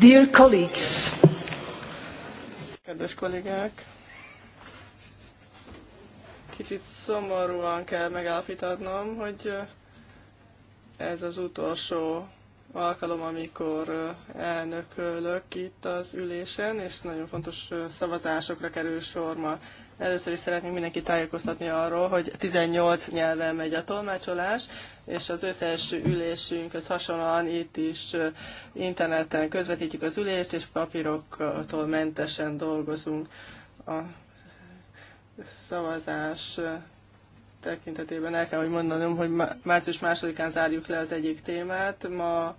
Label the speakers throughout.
Speaker 1: Dear colleagues.
Speaker 2: Kedves kollégák, kicsit szomorúan kell megállapítanom, hogy eh, ez az utolsó alkalom, amikor elnökölök itt az ülésen, és nagyon fontos szavazásokra kerül sor ma. Először is szeretnék mindenki tájékoztatni arról, hogy 18 nyelven megy a tolmácsolás, és az összes ülésünkhöz hasonlóan itt is interneten közvetítjük az ülést, és papíroktól mentesen dolgozunk. A szavazás tekintetében el kell, hogy mondanom, hogy március másodikán zárjuk le az egyik témát. Ma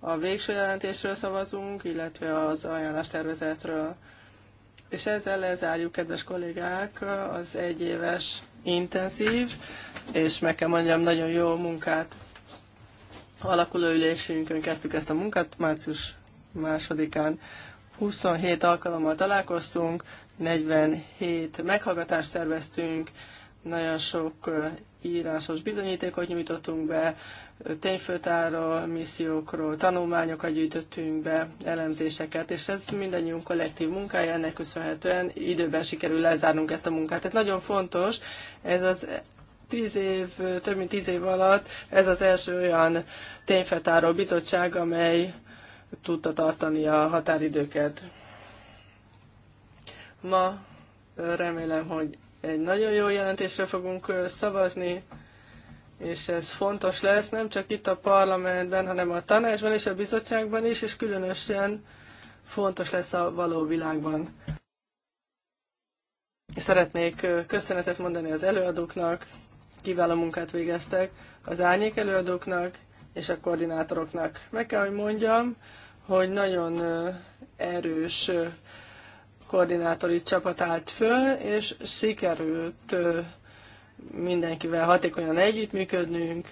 Speaker 2: a végső jelentésről szavazunk, illetve az ajánlás tervezetről. És ezzel lezárjuk, kedves kollégák, az egyéves intenzív, és meg kell mondjam, nagyon jó munkát alakuló ülésünkön kezdtük ezt a munkát, március másodikán 27 alkalommal találkoztunk, 47 meghallgatást szerveztünk, nagyon sok írásos bizonyítékot nyújtottunk be, tényfőtáról, missziókról, tanulmányokat gyűjtöttünk be, elemzéseket, és ez mindannyiunk kollektív munkája, ennek köszönhetően időben sikerül lezárnunk ezt a munkát. Tehát nagyon fontos, ez az tíz év, több mint tíz év alatt ez az első olyan tényfetáró bizottság, amely tudta tartani a határidőket. Ma remélem, hogy egy nagyon jó jelentésre fogunk szavazni, és ez fontos lesz nem csak itt a parlamentben, hanem a tanácsban és a bizottságban is, és különösen fontos lesz a való világban. Szeretnék köszönetet mondani az előadóknak, kiváló munkát végeztek, az árnyék előadóknak és a koordinátoroknak. Meg kell, hogy mondjam, hogy nagyon erős koordinátori csapat állt föl, és sikerült mindenkivel hatékonyan együttműködnünk,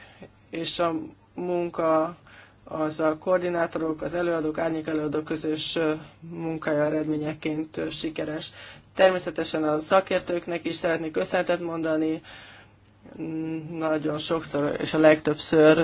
Speaker 2: és a munka az a koordinátorok, az előadók, árnyék előadók közös munkája eredményeként sikeres. Természetesen a szakértőknek is szeretnék köszönetet mondani. Nagyon sokszor és a legtöbbször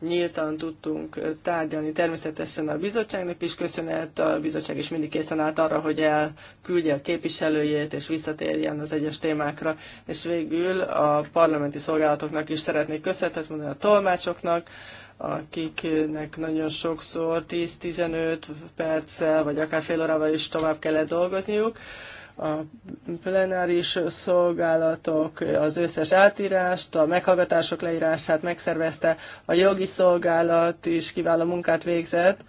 Speaker 2: nyíltan tudtunk tárgyalni. Természetesen a bizottságnak is köszönet, a bizottság is mindig készen állt arra, hogy elküldje a képviselőjét és visszatérjen az egyes témákra. És végül a parlamenti szolgálatoknak is szeretnék köszönetet mondani a tolmácsoknak, akiknek nagyon sokszor 10-15 perccel, vagy akár fél órával is tovább kellett dolgozniuk a plenáris szolgálatok, az összes átírást, a meghallgatások leírását megszervezte, a jogi szolgálat is kiváló munkát végzett,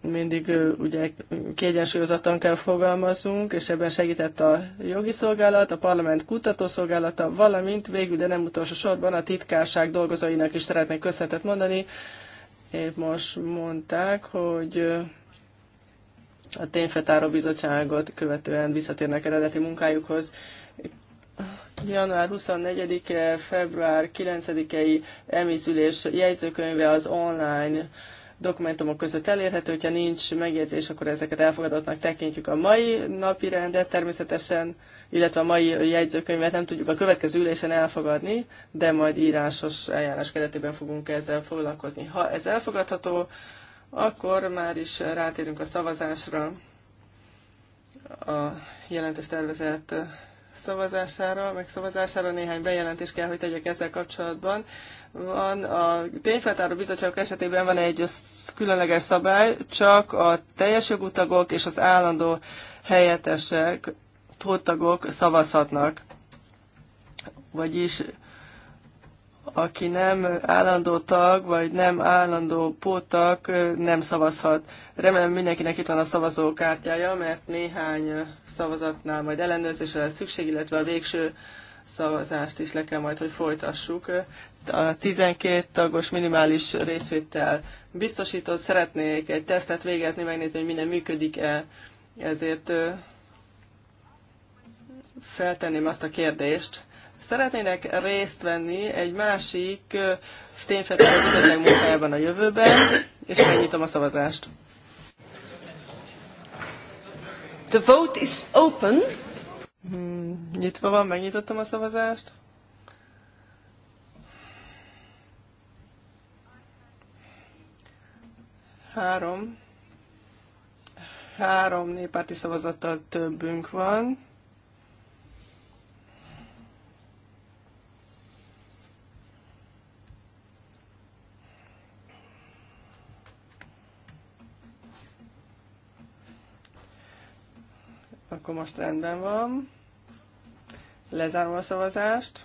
Speaker 2: mindig ugye kiegyensúlyozottan kell fogalmazunk, és ebben segített a jogi szolgálat, a parlament kutatószolgálata, valamint végül, de nem utolsó sorban a titkárság dolgozóinak is szeretnék köszönetet mondani. Épp most mondták, hogy a tényfetáró bizottságot követően visszatérnek eredeti munkájukhoz. Január 24-e, február 9-ei emészülés jegyzőkönyve az online dokumentumok között elérhető, hogyha nincs megjegyzés, akkor ezeket elfogadottnak tekintjük a mai napi rendet természetesen, illetve a mai jegyzőkönyvet nem tudjuk a következő ülésen elfogadni, de majd írásos eljárás keretében fogunk ezzel foglalkozni. Ha ez elfogadható, akkor már is rátérünk a szavazásra, a jelentős tervezet szavazására, meg szavazására néhány bejelentés kell, hogy tegyek ezzel kapcsolatban. Van a tényfeltáró bizottságok esetében van egy különleges szabály, csak a teljes jogutagok és az állandó helyettesek, póttagok szavazhatnak. Vagyis aki nem állandó tag, vagy nem állandó póttag, nem szavazhat. Remélem mindenkinek itt van a szavazókártyája, mert néhány szavazatnál majd ellenőrzésre lesz szükség, illetve a végső szavazást is le kell majd, hogy folytassuk. A 12 tagos minimális részvétel biztosított, szeretnék egy tesztet végezni, megnézni, hogy minden működik-e, ezért feltenném azt a kérdést, szeretnének részt venni egy másik tényfeltáró bizottság munkájában a jövőben, és megnyitom a szavazást. The vote is open. Hmm, nyitva van, megnyitottam a szavazást. Három. Három néppárti szavazattal többünk van. Akkor most rendben van. Lezárom a szavazást.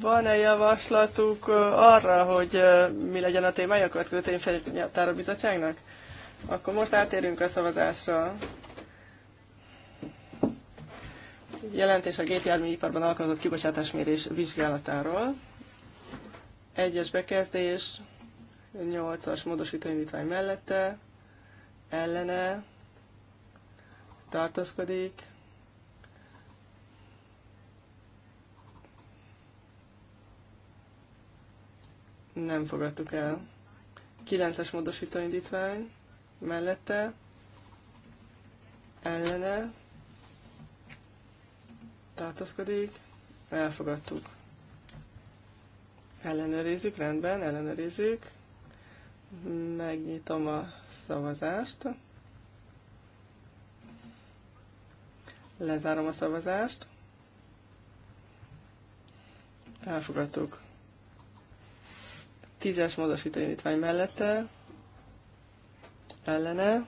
Speaker 2: Van-e javaslatuk arra, hogy mi legyen a témája a következő tényfelnyeltára bizottságnak? Akkor most átérünk a szavazásra. Jelentés a gépjárműiparban alkalmazott kibocsátásmérés vizsgálatáról. Egyes bekezdés, 8-as módosító indítvány mellette, ellene, tartózkodik, nem fogadtuk el. 9-es módosító indítvány mellette, ellene, tartózkodik, elfogadtuk. Ellenőrizzük, rendben, ellenőrizzük. Megnyitom a szavazást. Lezárom a szavazást. Elfogadtuk. Tízes módosítóindítvány mellette. Ellene.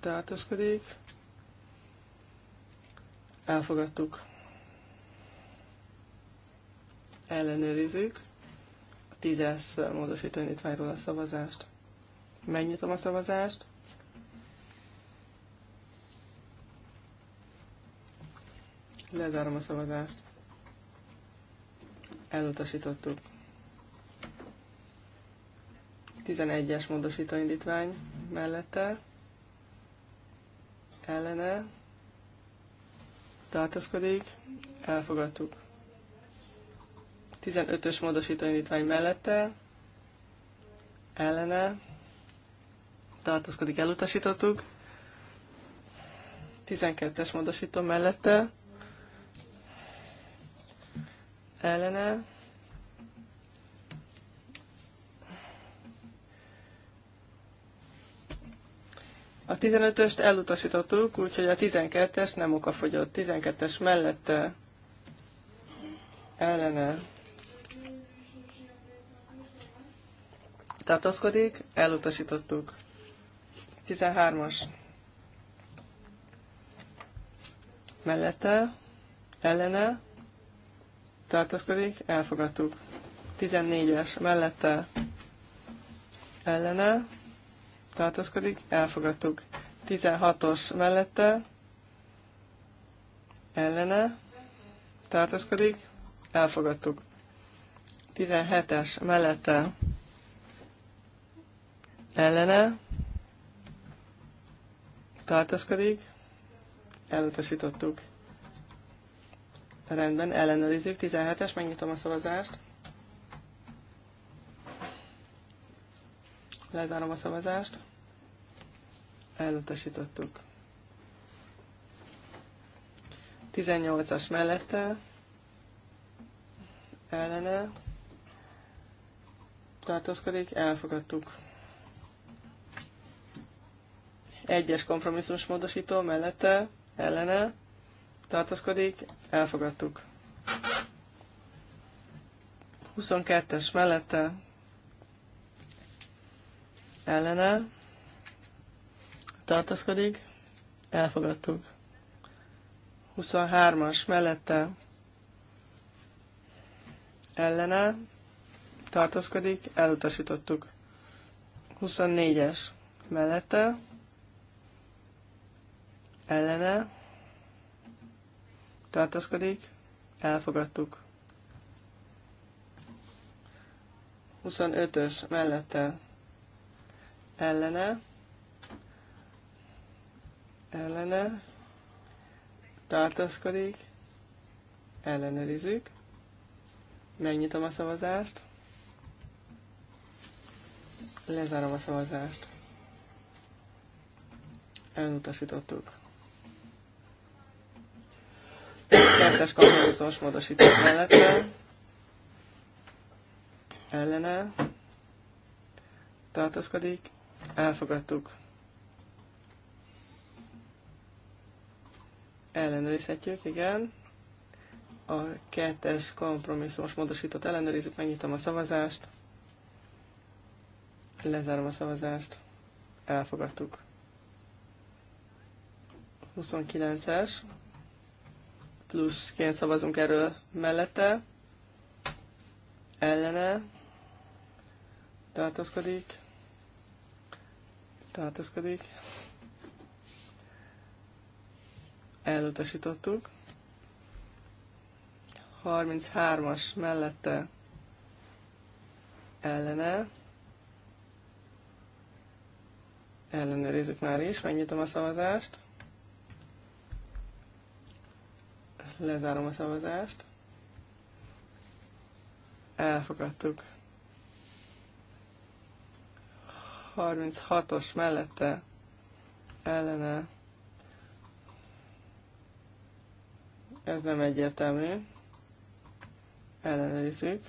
Speaker 2: Tartózkodik. Elfogadtuk. Ellenőrizzük. Tízes módosító indítványról a szavazást. Megnyitom a szavazást. Lezárom a szavazást. Elutasítottuk. 11-es módosító indítvány mellette. Ellene. Tartaszkodik. Elfogadtuk. 15-ös módosító indítvány mellette, ellene, tartózkodik, elutasítottuk. 12-es módosító mellette, ellene, A 15-öst elutasítottuk, úgyhogy a 12-es nem okafogyott. 12-es mellette ellene tartózkodik, elutasítottuk. 13-as mellette, ellene, tartózkodik, elfogadtuk. 14-es mellette, ellene, tartózkodik, elfogadtuk. 16-os mellette, ellene, tartózkodik, elfogadtuk. 17-es mellette, ellene tartaszkodik, elutasítottuk. Rendben, ellenőrizzük. 17-es, megnyitom a szavazást. Lezárom a szavazást. Elutasítottuk. 18-as mellette, ellene tartózkodik, elfogadtuk. Egyes kompromisszumos módosító mellette ellene tartozkodik, elfogadtuk. 22-es mellette ellene tartozkodik, elfogadtuk. 23-as mellette ellene tartozkodik, elutasítottuk. 24-es mellette ellene tartózkodik, elfogadtuk. 25-ös mellette ellene, ellene, tartózkodik, ellenőrizzük, megnyitom a szavazást, lezárom a szavazást, elutasítottuk kertes kompromisszumos módosítás mellette ellene tartózkodik. Elfogadtuk. Ellenőrizhetjük, igen. A kettes kompromisszumos módosítót ellenőrizzük, megnyitom a szavazást. Lezárom a szavazást. Elfogadtuk. 29-es pluszként szavazunk erről mellette, ellene, tartózkodik, tartózkodik, elutasítottuk. 33-as mellette ellene, ellenőrizzük már is, megnyitom a szavazást, Lezárom a szavazást. Elfogadtuk. 36-os mellette ellene. Ez nem egyértelmű. Ellenőrizzük.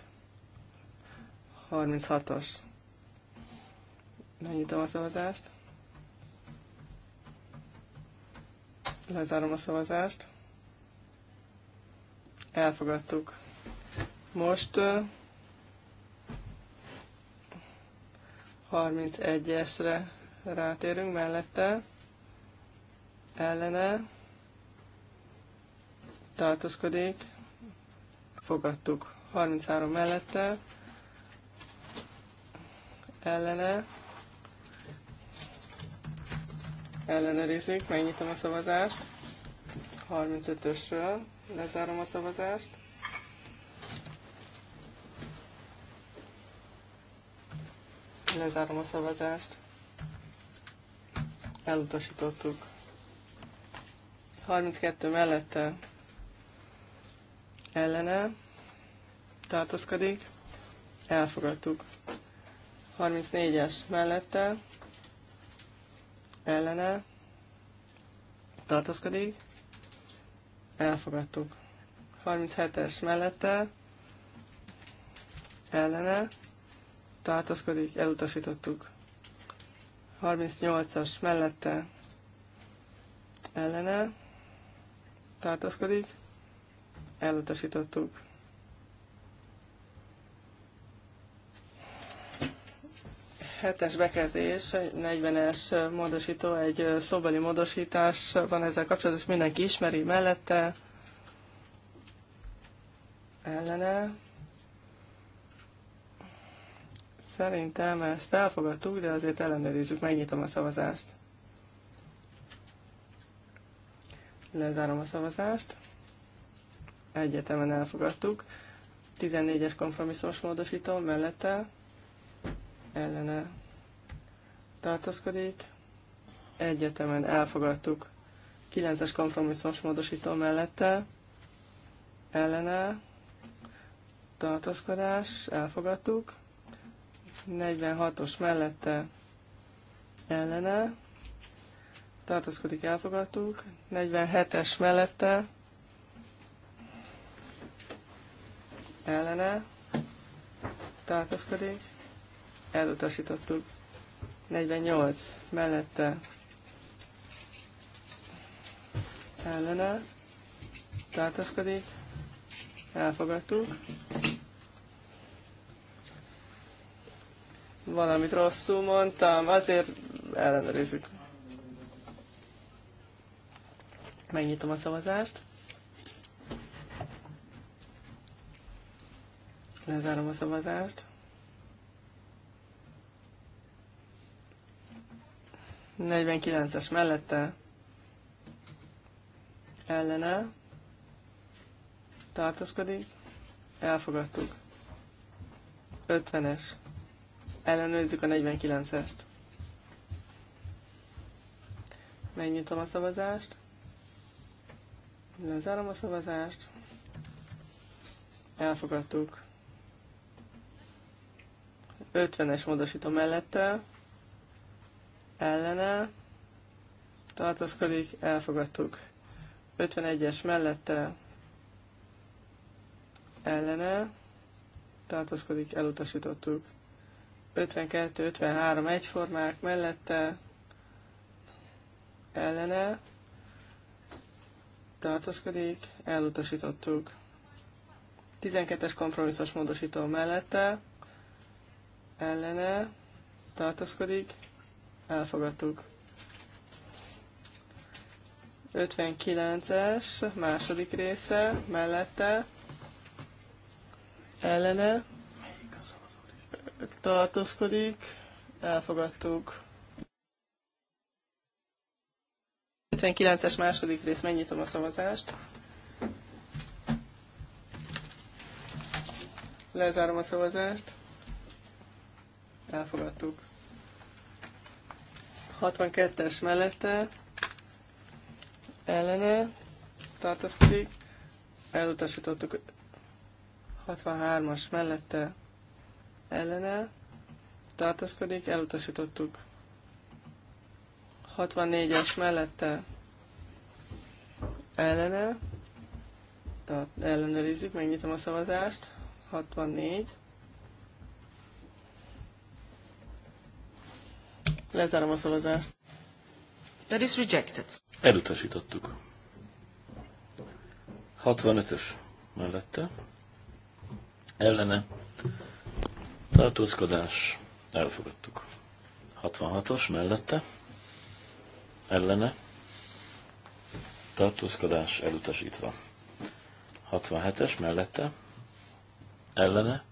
Speaker 2: 36-os. Megnyitom a szavazást. Lezárom a szavazást. Elfogadtuk. Most 31-esre rátérünk mellette, ellene, tartózkodik, fogadtuk. 33 mellette, ellene, ellenőrizzük, megnyitom a szavazást 35-ösről. Lezárom a szavazást. Lezárom a szavazást. Elutasítottuk. 32 mellette ellene tartózkodik. Elfogadtuk. 34-es mellette ellene tartózkodik elfogadtuk. 37-es mellette ellene tartozkodik, elutasítottuk. 38-as mellette ellene tartozkodik, elutasítottuk. hetes bekezdés, 40-es módosító, egy szóbeli módosítás van ezzel kapcsolatos, mindenki ismeri mellette, ellene. Szerintem ezt elfogadtuk, de azért ellenőrizzük, megnyitom a szavazást. Lezárom a szavazást. Egyetemen elfogadtuk. 14-es kompromisszós módosító mellette ellene tartózkodik. Egyetemen elfogadtuk 9-es kompromisszumos módosító mellette ellene tartózkodás, elfogadtuk. 46-os mellette ellene tartózkodik, elfogadtuk. 47-es mellette ellene tartózkodik, elutasítottuk. 48 mellette ellene tartózkodik, elfogadtuk. Valamit rosszul mondtam, azért ellenőrizzük. Megnyitom a szavazást. Lezárom a szavazást. 49-es mellette ellene tartózkodik, elfogadtuk. 50-es. Ellenőrizzük a 49-est. Megnyitom a szavazást. Lezárom a szavazást. Elfogadtuk. 50-es módosítom mellette ellene tartozkodik, elfogadtuk. 51-es mellette ellene tartozkodik, elutasítottuk. 52-53 egyformák mellette ellene tartozkodik, elutasítottuk. 12-es kompromisszos módosító mellette ellene tartozkodik, elfogadtuk. 59-es, második része, mellette, ellene, tartózkodik, elfogadtuk. 59-es második rész, megnyitom a szavazást. Lezárom a szavazást. Elfogadtuk. 62-es mellette ellene tartozkodik, elutasítottuk 63-as mellette ellene tartozkodik, elutasítottuk 64-es mellette ellene, tehát ellenőrizzük, megnyitom a szavazást, 64, Lezárom a szavazást. That is rejected.
Speaker 3: Elutasítottuk. 65-ös mellette. Ellene. Tartózkodás. Elfogadtuk. 66-os mellette. Ellene. Tartózkodás elutasítva. 67-es mellette. Ellene.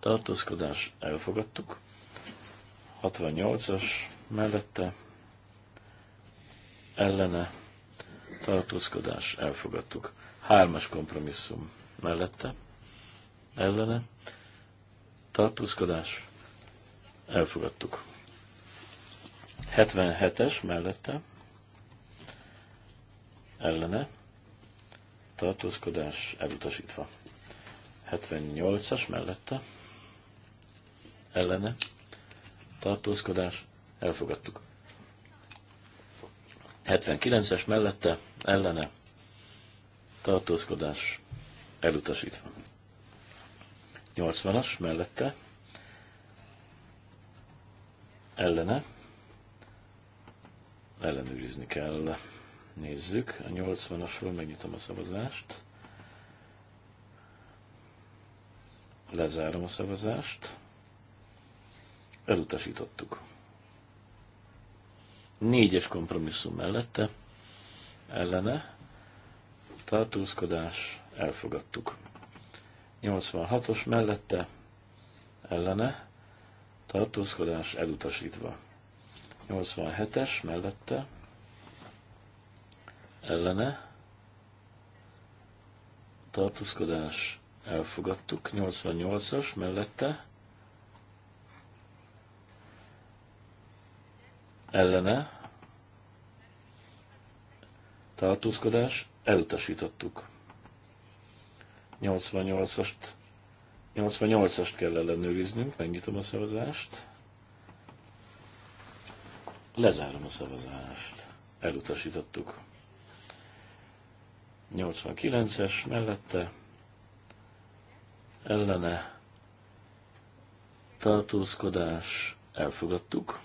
Speaker 3: Tartózkodás elfogadtuk. 68-as mellette ellene tartózkodás elfogadtuk. Hármas kompromisszum mellette ellene tartózkodás elfogadtuk. 77-es mellette ellene tartózkodás elutasítva. 78-as mellette ellene tartózkodás, elfogadtuk. 79-es mellette, ellene, tartózkodás, elutasítva. 80-as mellette, ellene, ellenőrizni kell. Nézzük, a 80-asról megnyitom a szavazást. Lezárom a szavazást. Elutasítottuk. Négyes kompromisszum mellette, ellene, tartózkodás, elfogadtuk. 86-os mellette, ellene, tartózkodás elutasítva. 87-es mellette, ellene, tartózkodás elfogadtuk. 88-as mellette, ellene tartózkodás elutasítottuk. 88-ast 88-ast kell ellenőriznünk, megnyitom a szavazást. Lezárom a szavazást. Elutasítottuk. 89-es mellette ellene tartózkodás elfogadtuk.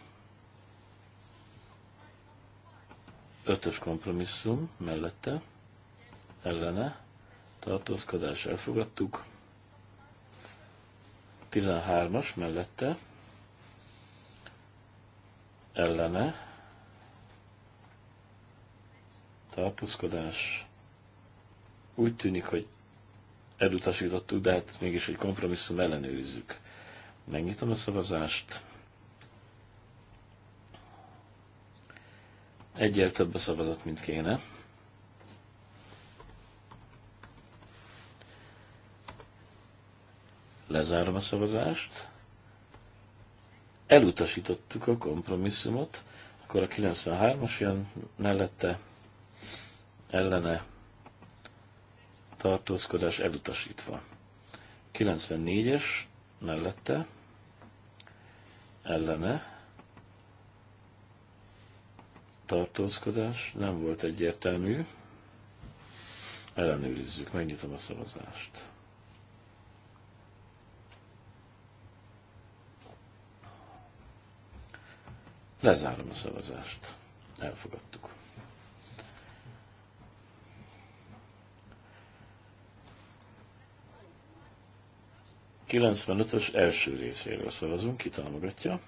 Speaker 3: Ötös kompromisszum mellette, ellene, tartózkodás elfogadtuk. 13-as mellette, ellene, tartózkodás úgy tűnik, hogy elutasítottuk, de hát mégis egy kompromisszum ellenőrizzük. Megnyitom a szavazást. Egyel több a szavazat, mint kéne. Lezárom a szavazást. Elutasítottuk a kompromisszumot, akkor a 93-as jön mellette, ellene tartózkodás elutasítva. 94-es mellette, ellene tartózkodás nem volt egyértelmű. Ellenőrizzük, megnyitom a szavazást. Lezárom a szavazást. Elfogadtuk. Kilencvenötös első részéről szavazunk, ki támogatja,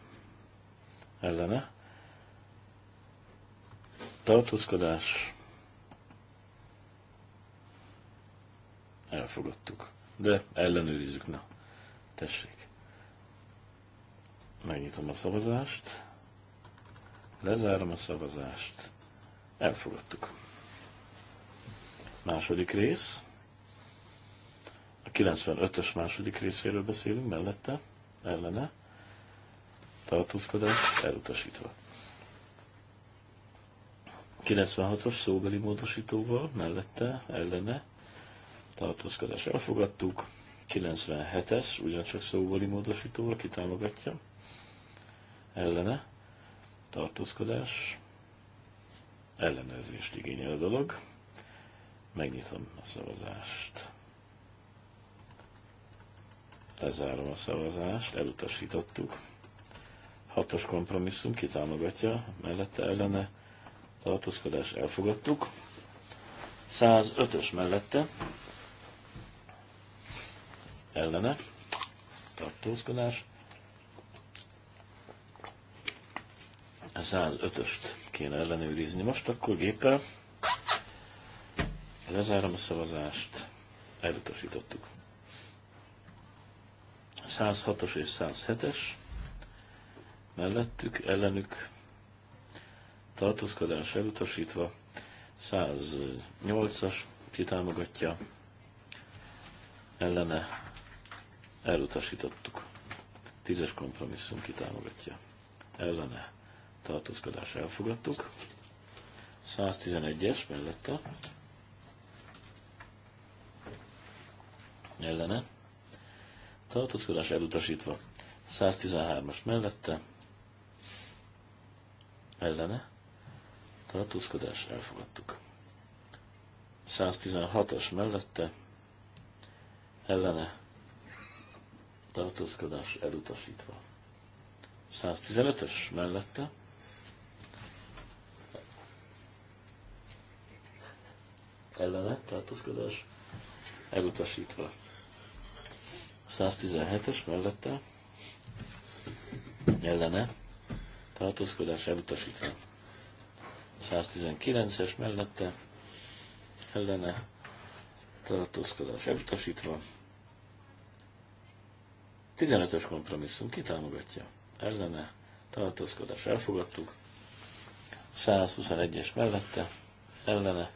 Speaker 3: ellene, tartózkodás, elfogadtuk. De ellenőrizzük, na, tessék. Megnyitom a szavazást, lezárom a szavazást, elfogadtuk. Második rész. A 95-ös második részéről beszélünk, mellette, ellene, tartózkodás, elutasítva. 96-os szóbeli módosítóval, mellette, ellene, tartózkodás elfogadtuk. 97-es, ugyancsak szóbeli módosítóval, kitámogatja, ellene, tartózkodás, ellenőrzést igényel a dolog. Megnyitom a szavazást. Lezárom a szavazást, elutasítottuk. Hatos kompromisszum, kitámogatja, mellette ellene, tartózkodás elfogadtuk. 105-ös mellette ellene tartózkodás. 105-öst kéne ellenőrizni. Most akkor géppel lezárom a szavazást, elutasítottuk. 106-os és 107-es mellettük, ellenük tartózkodás elutasítva, 108-as kitámogatja, ellene elutasítottuk. Tízes kompromisszum kitámogatja. Ellene tartózkodás elfogadtuk. 111-es mellette. Ellene. Tartózkodás elutasítva. 113-as mellette. Ellene tartózkodás elfogadtuk. 116-as mellette ellene tartózkodás elutasítva. 115-ös mellette ellene tartózkodás elutasítva. 117-es mellette ellene tartózkodás elutasítva. 119-es mellette ellene tartózkodás elutasítva. 15-ös kompromisszum kitámogatja. Ellene tartózkodás elfogadtuk. 121-es mellette ellene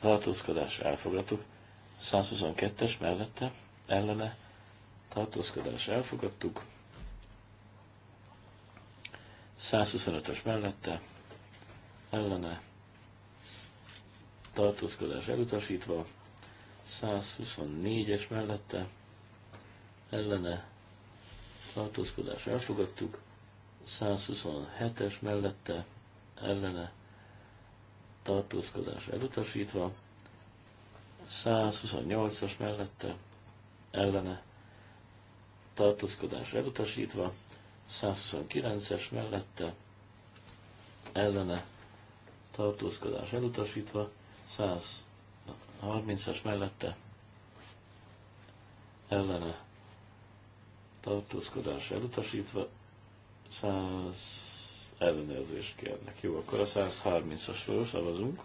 Speaker 3: tartózkodás elfogadtuk. 122-es mellette ellene tartózkodás elfogadtuk. 125-ös mellette ellene tartózkodás elutasítva, 124-es mellette ellene tartózkodás elfogadtuk, 127-es mellette ellene tartózkodás elutasítva, 128-as mellette ellene tartózkodás elutasítva, 129-es mellette ellene tartózkodás elutasítva, 130-as mellette ellene tartózkodás elutasítva, 100 ellenőrzést kérnek. Jó, akkor a 130-asról szavazunk.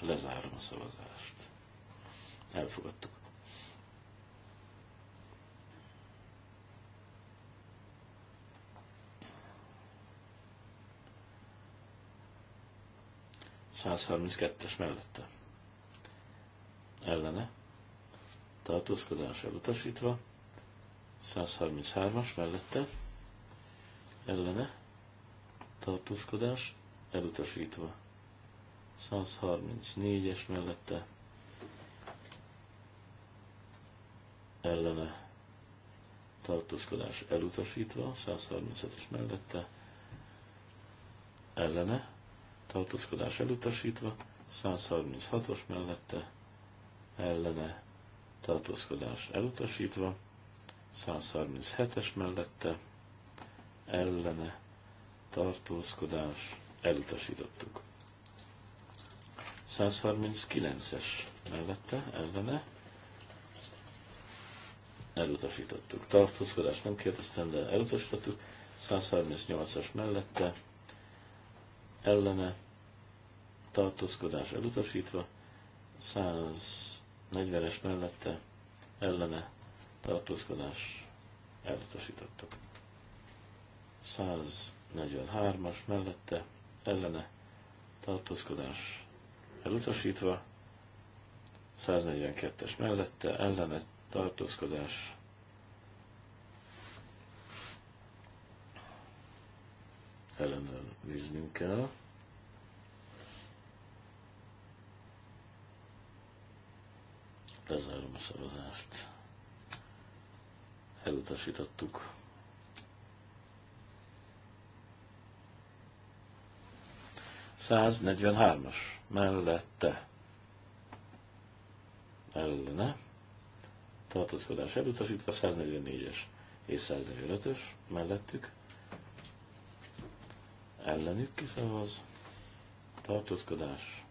Speaker 3: Lezárom a szavazást. Elfogadtuk. 132-es mellette. Ellene. Tartózkodás elutasítva. 133-as mellette. Ellene. Tartózkodás elutasítva. 134-es mellette. Ellene. Tartózkodás elutasítva. 135-es mellette. Ellene tartózkodás elutasítva, 136-os mellette ellene tartózkodás elutasítva, 137-es mellette ellene tartózkodás elutasítottuk. 139-es mellette ellene elutasítottuk. Tartózkodás nem kérdeztem, de elutasítottuk. 138-as mellette ellene tartózkodás elutasítva, 140-es mellette ellene tartózkodás elutasítottuk. 143-as mellette ellene tartózkodás elutasítva, 142-es mellette ellene tartózkodás néznünk kell. Lezárom a szavazást. Elutasítottuk. Száznegyvenhármas mellette ellene tartózkodás elutasítva 144-es és 145-ös mellettük ellenük kiszavaz, tartózkodás,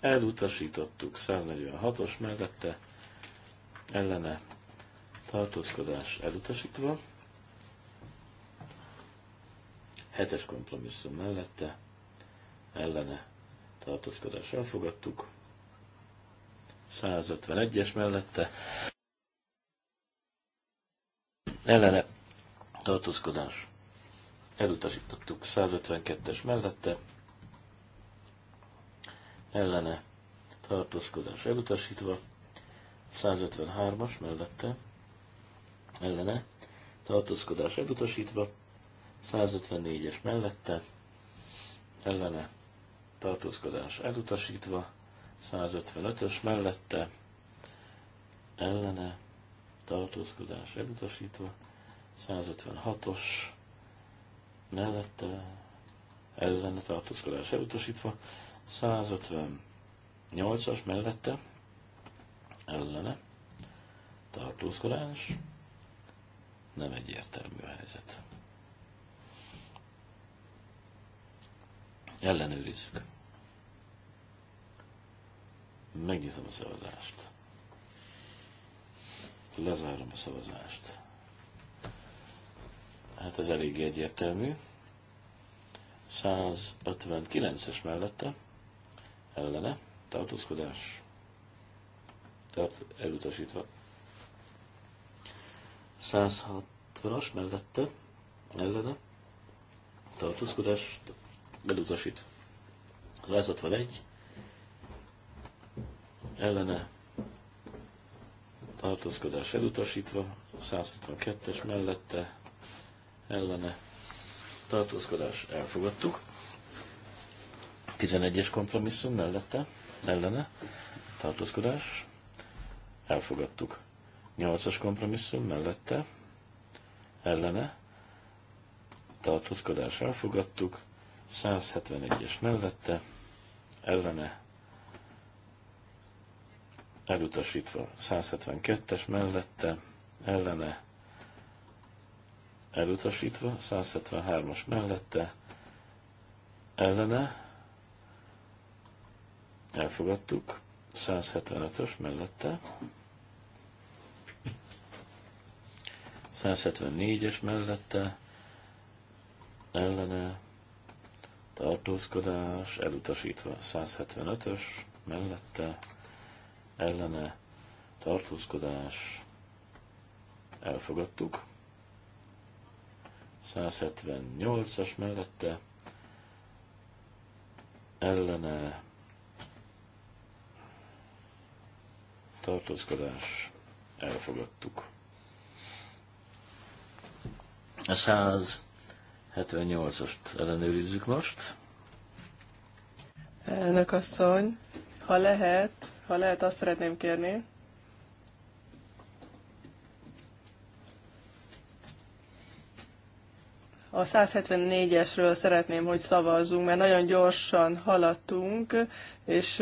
Speaker 3: elutasítottuk 146-os mellette, ellene tartózkodás elutasítva, 7-es kompromisszum mellette, ellene tartózkodás elfogadtuk, 151-es mellette, ellene tartózkodás elutasítottuk 152-es mellette, ellene tartózkodás elutasítva, 153-as mellette, ellene tartózkodás elutasítva, 154-es mellette, ellene tartózkodás elutasítva, 155-ös mellette, ellene tartózkodás elutasítva, 156-os mellette ellene tartózkodás elutasítva, 158-as mellette ellene tartózkodás, nem egyértelmű a helyzet. Ellenőrizzük. Megnyitom a szavazást. Lezárom a szavazást. Hát ez elég egyértelmű. 159-es mellette ellene tartózkodás. Tehát elutasítva. 160-as mellette ellene tartózkodás elutasít. 161 ellene tartózkodás elutasítva, 162-es mellette ellene tartózkodás elfogadtuk. 11-es kompromisszum mellette ellene tartózkodás elfogadtuk. 8-as kompromisszum mellette ellene tartózkodás elfogadtuk. 171-es mellette ellene elutasítva 172-es mellette ellene elutasítva, 173-as mellette, ellene, elfogadtuk, 175-ös mellette, 174-es mellette, ellene, tartózkodás, elutasítva, 175-ös mellette, ellene, tartózkodás, elfogadtuk, 178-as mellette ellene tartózkodás elfogadtuk. A 178-ast ellenőrizzük most.
Speaker 2: Elnök asszony, ha lehet, ha lehet, azt szeretném kérni, A 174-esről szeretném, hogy szavazzunk, mert nagyon gyorsan haladtunk, és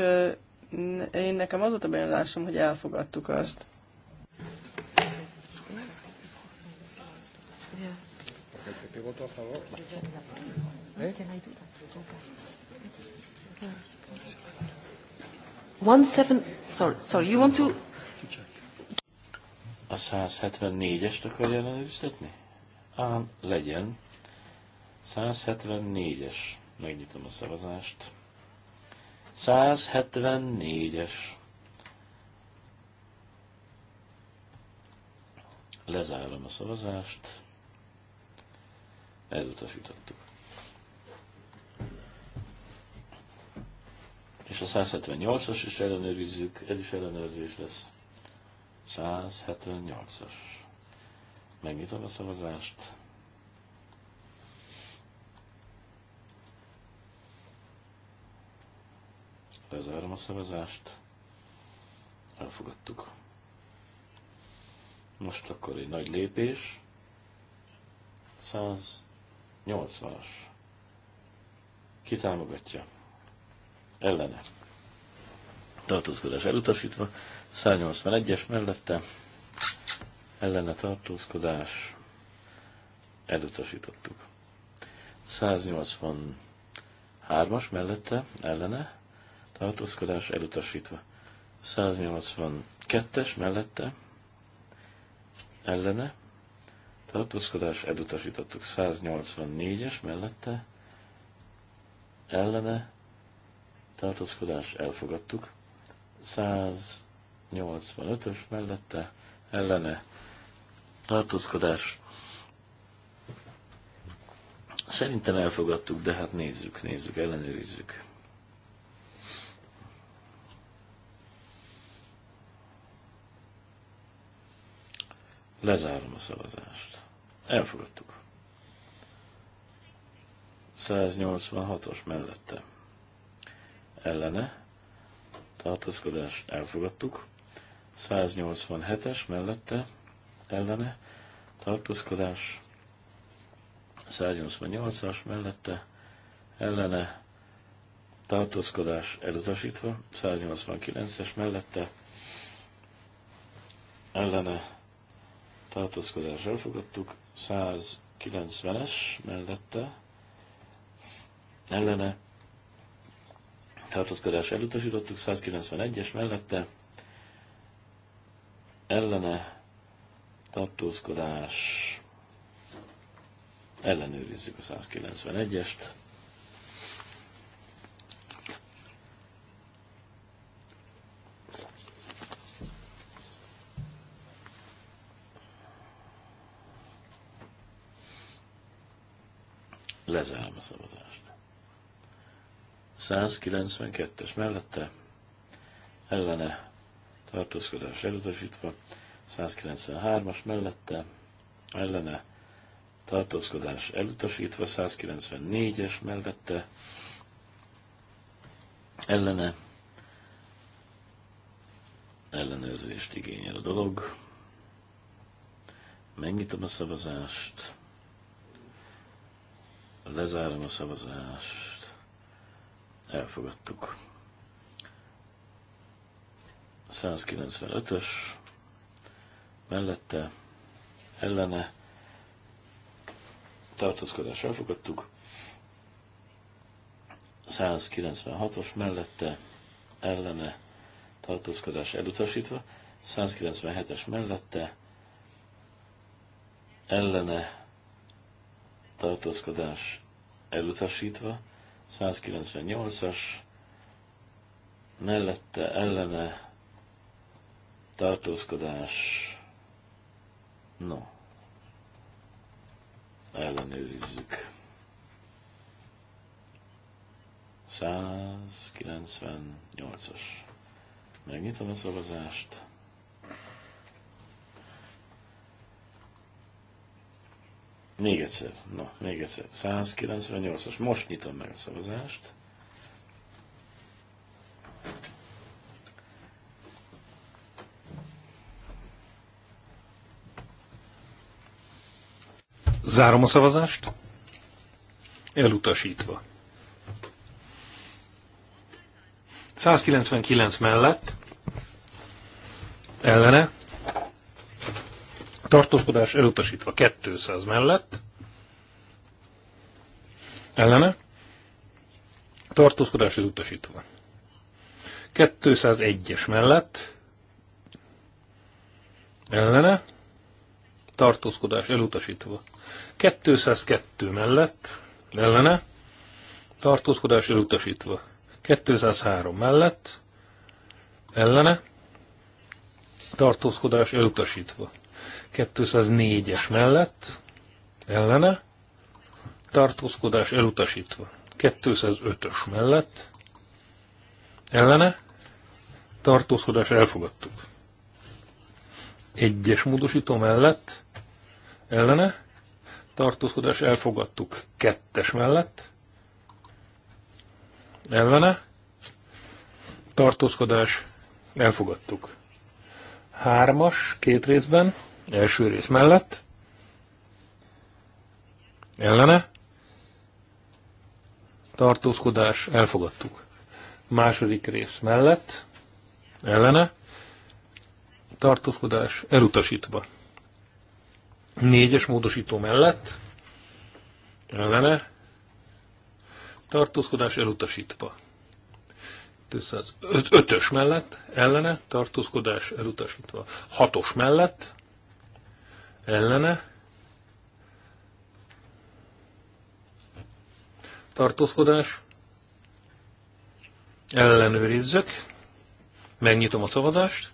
Speaker 2: én nekem az volt a benyomásom, hogy elfogadtuk azt.
Speaker 1: One seven,
Speaker 2: sorry, sorry, you want
Speaker 1: to...
Speaker 3: A 174-est akarja ellenőriztetni? Ám legyen. 174-es. Megnyitom a szavazást. 174-es. Lezárom a szavazást. Elutasítottuk. És a 178-as is ellenőrizzük, ez is ellenőrzés lesz. 178-as. Megnyitom a szavazást. Lezárom a szavazást. Elfogadtuk. Most akkor egy nagy lépés. 180-as. Ki támogatja? Ellene. Tartózkodás elutasítva. 181-es mellette. Ellene tartózkodás. Elutasítottuk. 183-as mellette. Ellene tartózkodás elutasítva. 182-es mellette ellene tartózkodás elutasítottuk. 184-es mellette ellene tartózkodás elfogadtuk. 185-ös mellette ellene tartózkodás Szerintem elfogadtuk, de hát nézzük, nézzük, ellenőrizzük. Lezárom a szavazást. Elfogadtuk. 186-os mellette. Ellene. Tartózkodás. Elfogadtuk. 187-es mellette. Ellene. Tartózkodás. 188-as mellette. Ellene. Tartózkodás elutasítva. 189-es mellette. Ellene tartózkodás elfogadtuk, 190-es mellette, ellene, tartózkodás elutasítottuk, 191-es mellette, ellene, tartózkodás, ellenőrizzük a 191-est, Lezárom a szavazást. 192-es mellette ellene tartózkodás elutasítva, 193-as mellette ellene tartózkodás elutasítva, 194-es mellette ellene ellenőrzést igényel a dolog. Megnyitom a szavazást. Lezárom a szavazást. Elfogadtuk. 195-ös mellette ellene tartózkodás elfogadtuk. 196-os mellette ellene tartózkodás elutasítva, 197-es mellette ellene tartózkodás elutasítva, 198-as, mellette ellene tartózkodás, no, ellenőrizzük. 198-as. Megnyitom a szavazást. Még egyszer, na, még egyszer, 198-as, most nyitom meg a szavazást.
Speaker 1: Zárom a szavazást. Elutasítva. 199 mellett. Ellene tartózkodás elutasítva 200 mellett, ellene, tartózkodás elutasítva 201-es mellett, ellene, tartózkodás elutasítva 202 mellett, ellene, tartózkodás elutasítva 203 mellett, ellene, tartózkodás elutasítva 204-es mellett ellene, tartózkodás elutasítva. 205-ös mellett ellene, tartózkodás elfogadtuk. Egyes módosító mellett ellene, tartózkodás elfogadtuk. Kettes mellett ellene, tartózkodás elfogadtuk. Hármas, két részben, Első rész mellett. Ellene. Tartózkodás. Elfogadtuk. Második rész mellett. Ellene. Tartózkodás. Elutasítva. Négyes módosító mellett. Ellene. Tartózkodás elutasítva. 205-ös mellett ellene, tartózkodás elutasítva. 6-os mellett ellene, tartózkodás, ellenőrizzük, megnyitom a szavazást,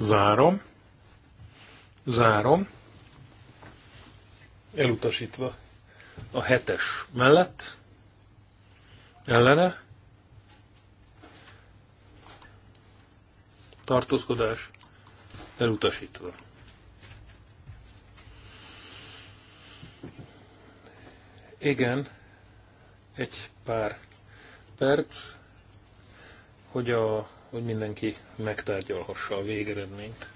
Speaker 1: zárom, zárom, elutasítva a hetes mellett, ellene, tartózkodás elutasítva. Igen, egy pár perc, hogy, a, hogy mindenki megtárgyalhassa a végeredményt.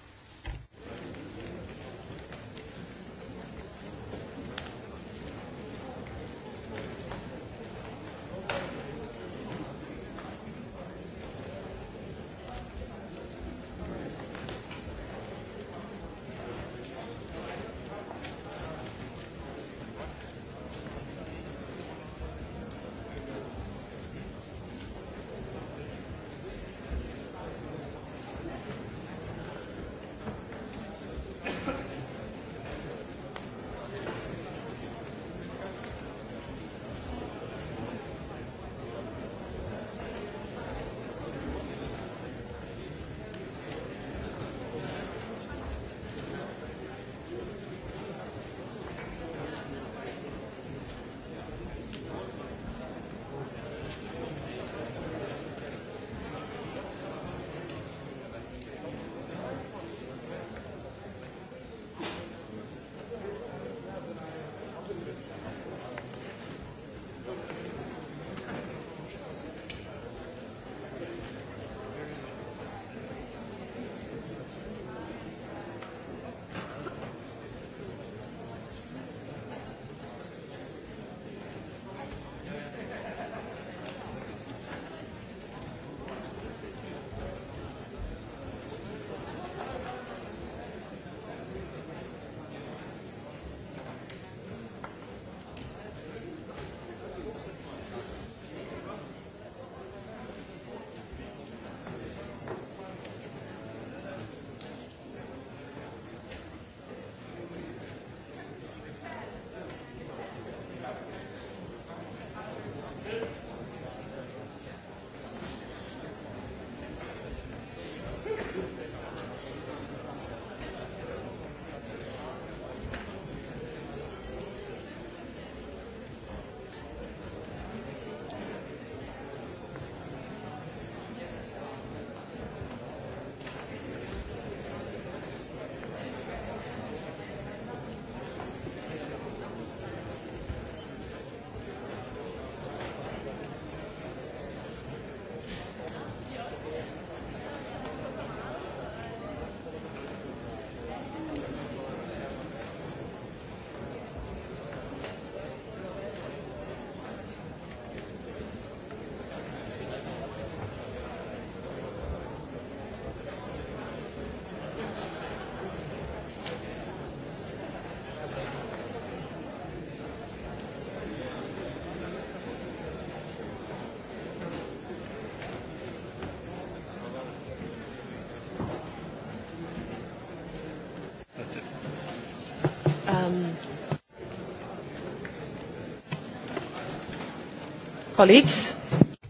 Speaker 1: Colleagues.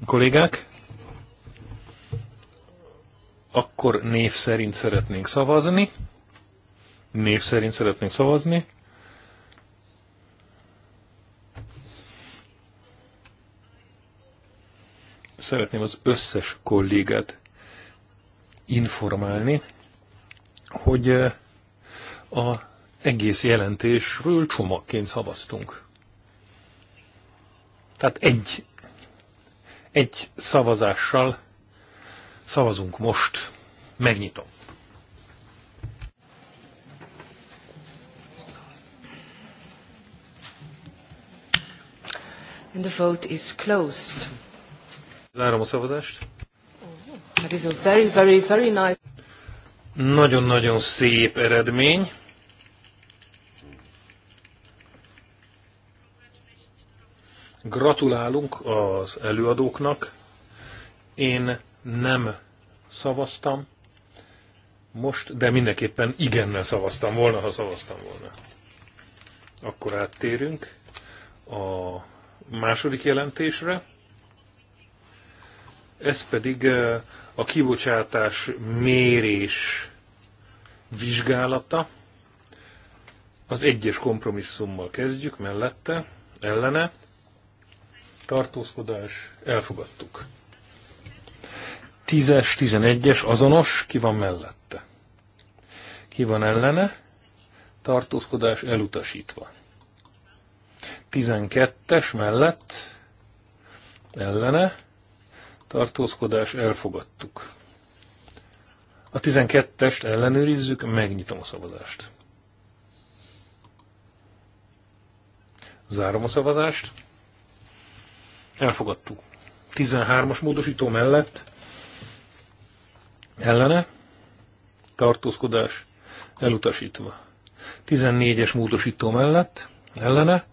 Speaker 1: Kollégák, akkor név szerint szeretnénk szavazni. Név szerint szeretnénk szavazni. Szeretném az összes kollégát informálni, hogy eh, a egész jelentésről csomagként szavaztunk. Tehát egy egy szavazással szavazunk most. Megnyitom. And the vote is closed. Zárom a szavazást. That is a very, very, very nice. Nagyon-nagyon szép eredmény. Gratulálunk az előadóknak. Én nem szavaztam most, de mindenképpen igennel szavaztam volna, ha szavaztam volna. Akkor áttérünk a második jelentésre. Ez pedig eh, a kibocsátás mérés vizsgálata. Az egyes kompromisszummal kezdjük mellette, ellene tartózkodás, elfogadtuk. 10-es, 11-es azonos, ki van mellette? Ki van ellene? Tartózkodás elutasítva. 12-es mellett ellene tartózkodás elfogadtuk. A 12-est ellenőrizzük, megnyitom a szavazást. Zárom a szavazást. Elfogadtuk. 13-as módosító mellett ellene tartózkodás elutasítva. 14-es módosító mellett ellene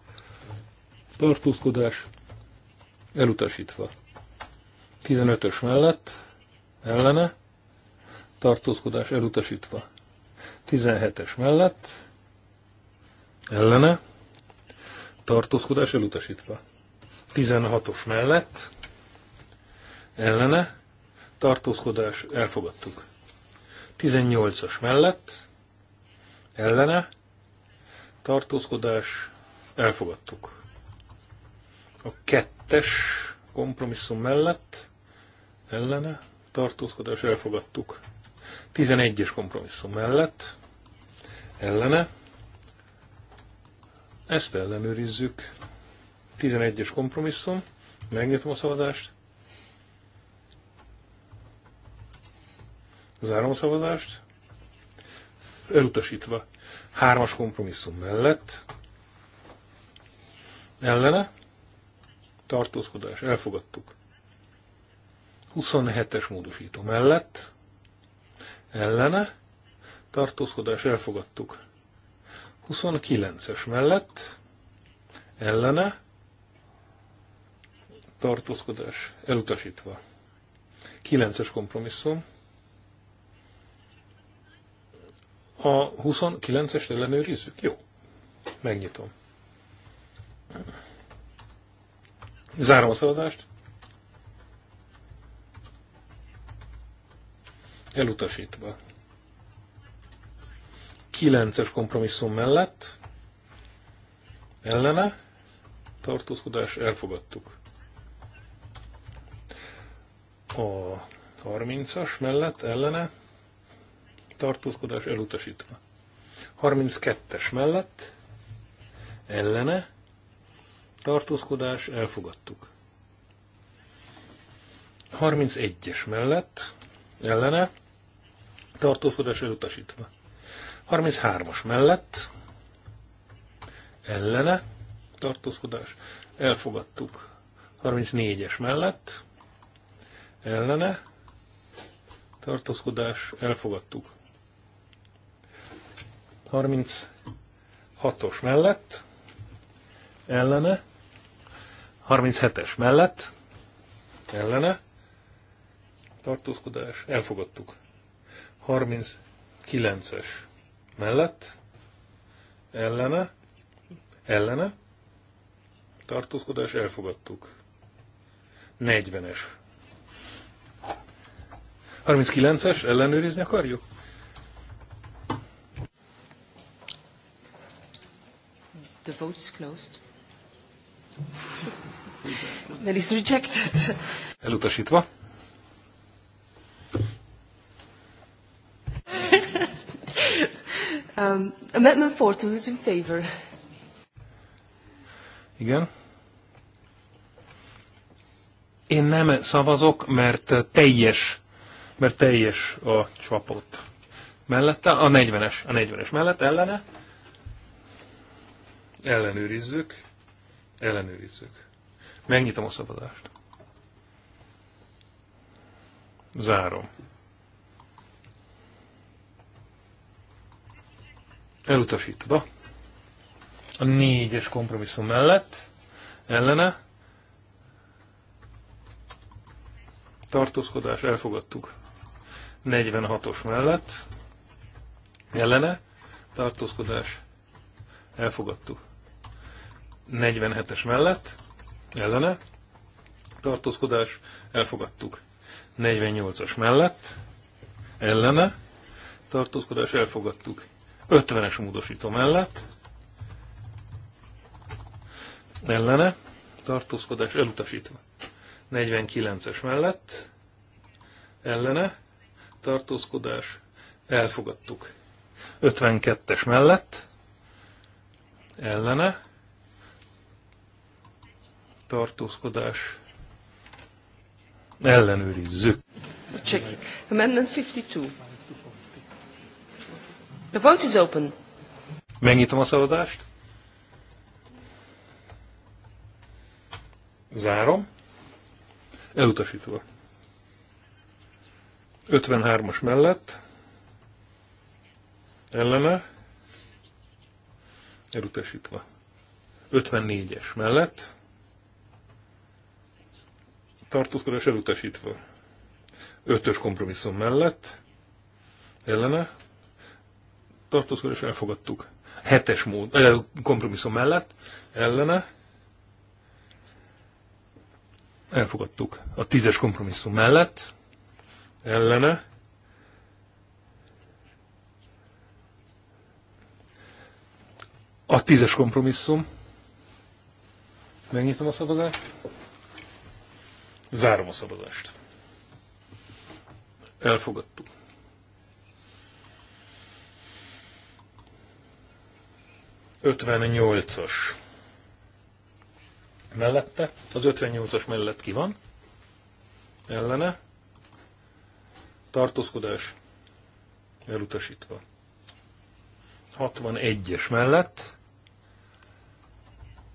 Speaker 1: tartózkodás elutasítva. 15-ös mellett ellene tartózkodás elutasítva. 17-es mellett ellene tartózkodás elutasítva. 16-os mellett ellene tartózkodás elfogadtuk. 18-as mellett ellene tartózkodás elfogadtuk. A kettes kompromisszum mellett ellene tartózkodás elfogadtuk. 11-es kompromisszum mellett ellene ezt ellenőrizzük. 11-es kompromisszum, megnyitom a szavazást, zárom a szavazást, elutasítva. Hármas kompromisszum mellett, ellene, tartózkodás, elfogadtuk. 27-es módosító mellett, ellene, tartózkodás, elfogadtuk. 29-es mellett, ellene, tartózkodás elutasítva. Kilences kompromisszum. A 29-est ellenőrizzük? Jó. Megnyitom. Zárom a szavazást. Elutasítva. 9-es kompromisszum mellett ellene tartózkodás elfogadtuk. A 30-as mellett ellene tartózkodás elutasítva. 32-es mellett ellene tartózkodás elfogadtuk. 31-es mellett ellene tartózkodás elutasítva. 33-as mellett ellene tartózkodás elfogadtuk. 34-es mellett ellene, tartózkodás, elfogadtuk. 36-os mellett, ellene, 37-es mellett, ellene, tartózkodás, elfogadtuk. 39-es mellett, ellene, ellene, tartózkodás, elfogadtuk. 40-es 39-es, ellenőrizni akarjuk?
Speaker 3: The vote is closed. That is rejected.
Speaker 1: Elutasítva.
Speaker 2: um, amendment 4 is in favor?
Speaker 1: Igen. Én nem szavazok, mert teljes mert teljes a csapot. Mellette, a 40-es, a 40-es mellett, ellene. Ellenőrizzük, ellenőrizzük. Megnyitom a szabadást. Zárom. Elutasítva. A négyes kompromisszum mellett, ellene, tartózkodás, elfogadtuk. 46-os mellett ellene tartózkodás elfogadtuk. 47-es mellett ellene tartózkodás elfogadtuk. 48-as mellett ellene tartózkodás elfogadtuk. 50-es módosító mellett ellene tartózkodás elutasítva. 49-es mellett ellene tartózkodás, elfogadtuk. 52-es mellett, ellene, tartózkodás, ellenőrizzük.
Speaker 2: Check. Amendment 52. The vote is open.
Speaker 1: Megnyitom a szavazást. Zárom. Elutasítva. 53-as mellett ellene elutasítva. 54-es mellett tartózkodás elutasítva. 5-ös kompromisszum mellett ellene tartózkodás elfogadtuk. 7-es mód, eh, kompromisszum mellett ellene elfogadtuk. A 10-es kompromisszum mellett ellene. A tízes kompromisszum. Megnyitom a szavazást. Zárom a szavazást. Elfogadtuk. Ötvennyolcas mellette, az 58-as mellett ki van, ellene, tartózkodás elutasítva. 61-es mellett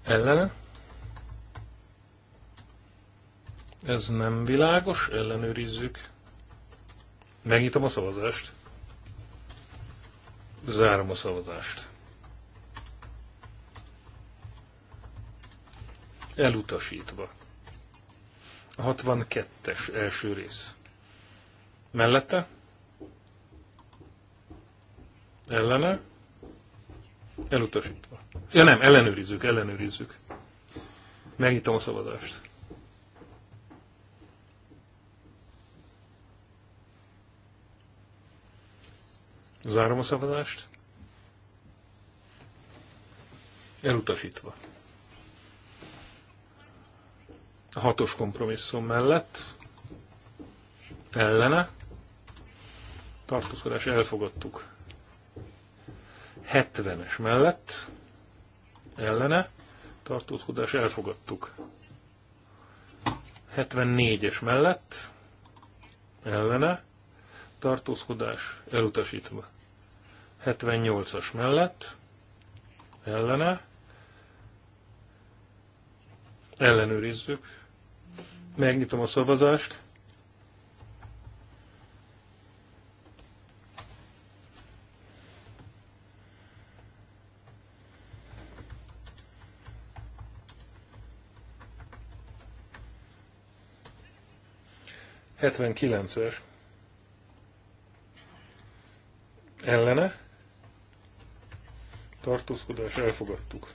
Speaker 1: ellene. Ez nem világos, ellenőrizzük. Megnyitom a szavazást. Zárom a szavazást. Elutasítva. A 62-es első rész mellette, ellene, elutasítva. Ja nem, ellenőrizzük, ellenőrizzük. Megnyitom a szavazást. Zárom a szavazást. Elutasítva. A hatos kompromisszum mellett ellene tartózkodás elfogadtuk. 70-es mellett ellene tartózkodás elfogadtuk. 74-es mellett ellene tartózkodás elutasítva. 78-as mellett ellene ellenőrizzük. Megnyitom a szavazást. 79-es ellene tartózkodás elfogadtuk.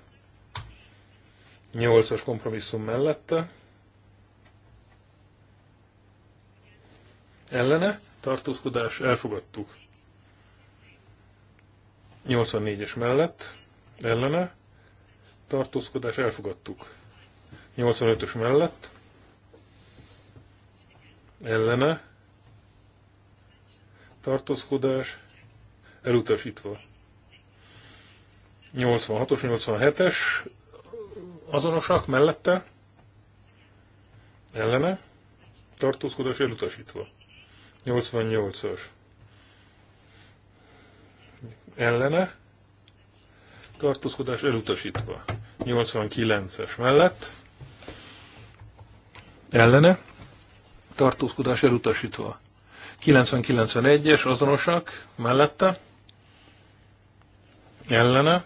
Speaker 1: 8-as kompromisszum mellette ellene tartózkodás elfogadtuk. 84-es mellett ellene tartózkodás elfogadtuk. 85-ös mellett ellene, tartózkodás, elutasítva. 86-os, 87-es, azonosak mellette, ellene, tartózkodás elutasítva. 88-as. Ellene, tartózkodás elutasítva. 89-es mellett, ellene, tartózkodás elutasítva. 9091-es azonosak mellette, ellene,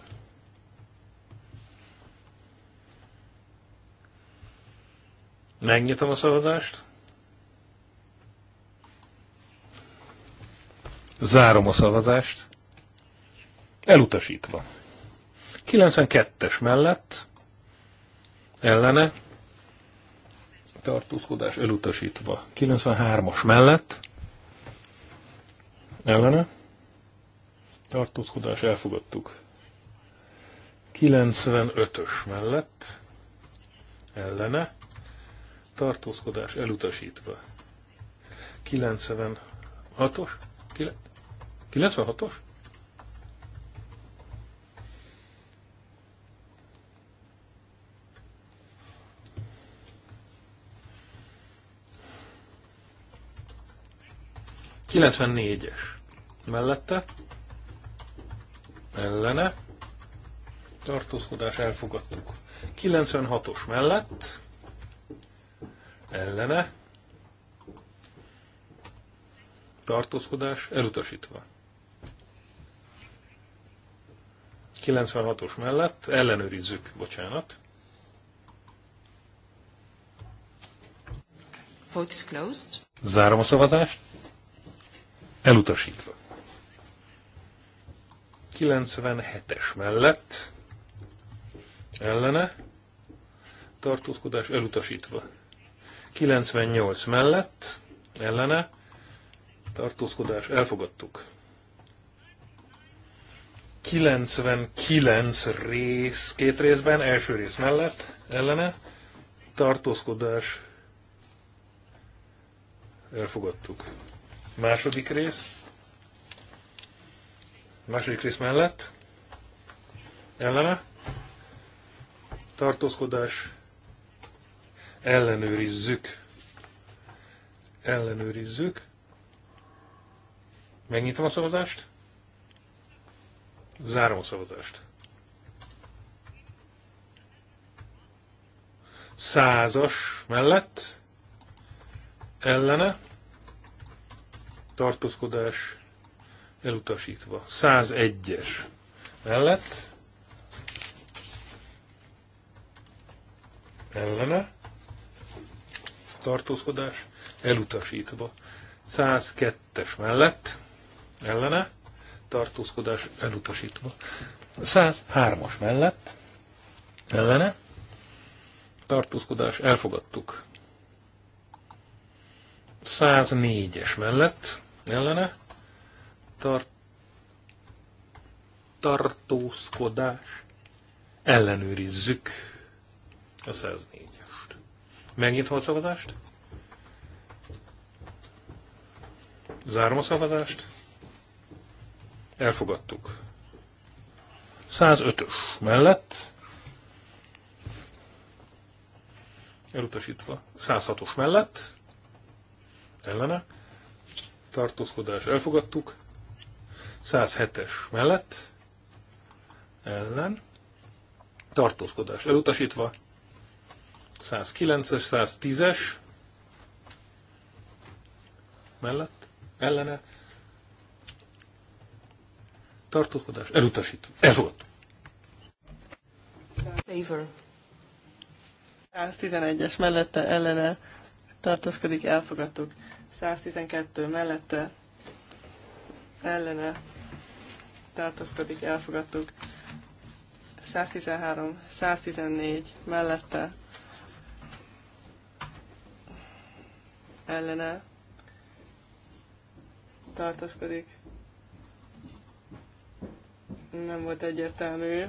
Speaker 1: megnyitom a szavazást, zárom a szavazást, elutasítva. 92-es mellett, ellene, tartózkodás elutasítva. 93-as mellett ellene tartózkodás elfogadtuk. 95-ös mellett ellene tartózkodás elutasítva. 96-os? 96-os? 94-es mellette, ellene, tartózkodás elfogadtuk. 96-os mellett, ellene, tartózkodás elutasítva. 96-os mellett, ellenőrizzük, bocsánat. Vote is closed. Zárom a szavazást. Elutasítva. 97-es mellett ellene tartózkodás elutasítva. 98 mellett ellene tartózkodás elfogadtuk. 99 rész, két részben, első rész mellett ellene tartózkodás elfogadtuk. Második rész. Második rész mellett. Ellene. Tartózkodás. Ellenőrizzük. Ellenőrizzük. Megnyitom a szavazást. Zárom a szavazást. Százas mellett. Ellene tartózkodás elutasítva. 101-es mellett ellene tartózkodás elutasítva. 102-es mellett ellene tartózkodás elutasítva. 103-as mellett ellene tartózkodás elfogadtuk. 104-es mellett ellene tart, tartózkodás. Ellenőrizzük a 104-est. Megint a szavazást. Zárom a szavazást. Elfogadtuk. 105-ös mellett. Elutasítva. 106-os mellett ellene, tartózkodás elfogadtuk, 107-es mellett, ellen, tartózkodás elutasítva, 109-es, 110-es mellett, ellene, tartózkodás elutasítva, elfogadtuk.
Speaker 2: Favor. 111-es mellette ellene tartózkodik, elfogadtuk. 112 mellette ellene tartózkodik, elfogadtuk. 113, 114 mellette ellene tartózkodik. Nem volt egyértelmű.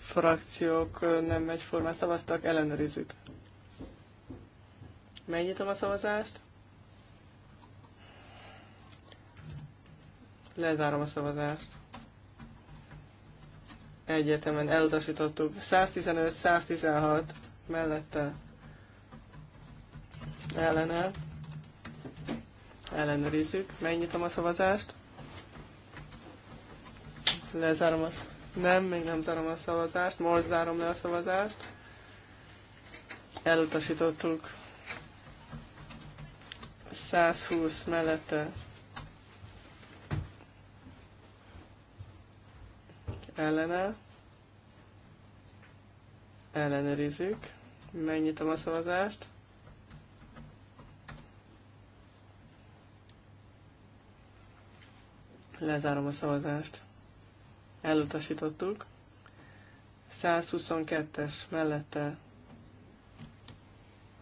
Speaker 2: Frakciók nem egyformán szavaztak, ellenőrizzük. Megnyitom a szavazást. Lezárom a szavazást. Egyértelműen elutasítottuk. 115-116 mellette ellene. Ellenőrizzük. Megnyitom a szavazást. Lezárom a... Nem, még nem zárom a szavazást. Most zárom le a szavazást. Elutasítottuk. 120 mellette ellene, ellenőrizzük, megnyitom a szavazást, lezárom a szavazást, elutasítottuk, 122-es mellette,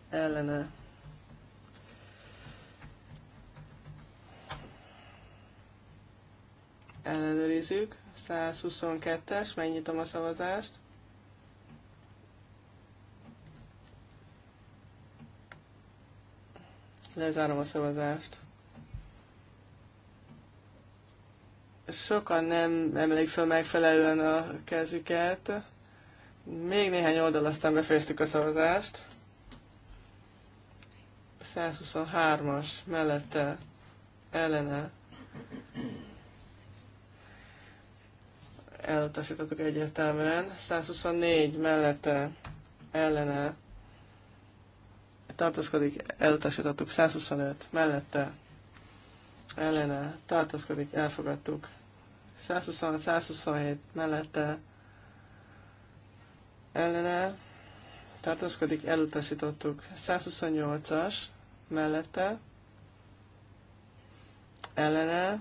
Speaker 2: ellene, ellenőrizzük. 122-es, megnyitom a szavazást. Lezárom a szavazást. Sokan nem emelik fel megfelelően a kezüket. Még néhány oldal, aztán befejeztük a szavazást. 123-as mellette ellene elutasítottuk egyértelműen. 124 mellette ellene tartózkodik, elutasítottuk. 125 mellette ellene tartózkodik, elfogadtuk. 126, 127 mellette ellene tartózkodik, elutasítottuk. 128-as mellette ellene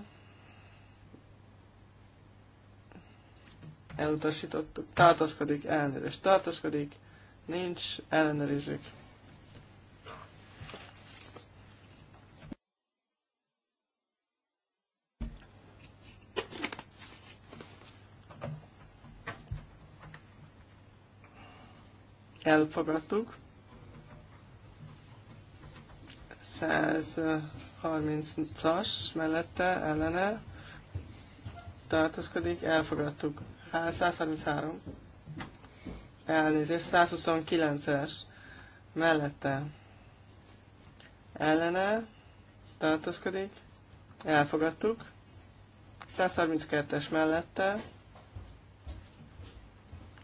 Speaker 2: elutasítottuk, tartózkodik, ellenőrzés, tartózkodik, nincs, ellenőrizzük. Elfogadtuk. 130-as mellette, ellene tartózkodik, elfogadtuk. 133. Elnézést, 129-es. Mellette. Ellene. Tartózkodik. Elfogadtuk. 132-es mellette.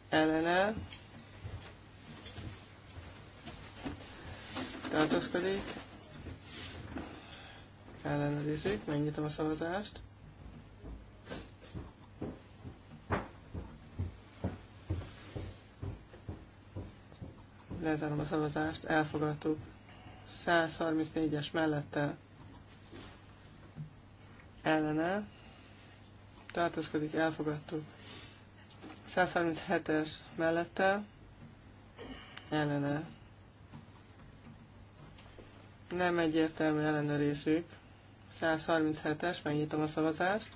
Speaker 2: Ellene. Tartózkodik. Ellenőrizzük. Megnyitom a szavazást. Lezárom a szavazást, elfogadtuk. 134-es mellette ellene tartózkodik, elfogadtuk. 137-es mellette ellene. Nem egyértelmű ellenőrizzük. 137-es, megnyitom a szavazást.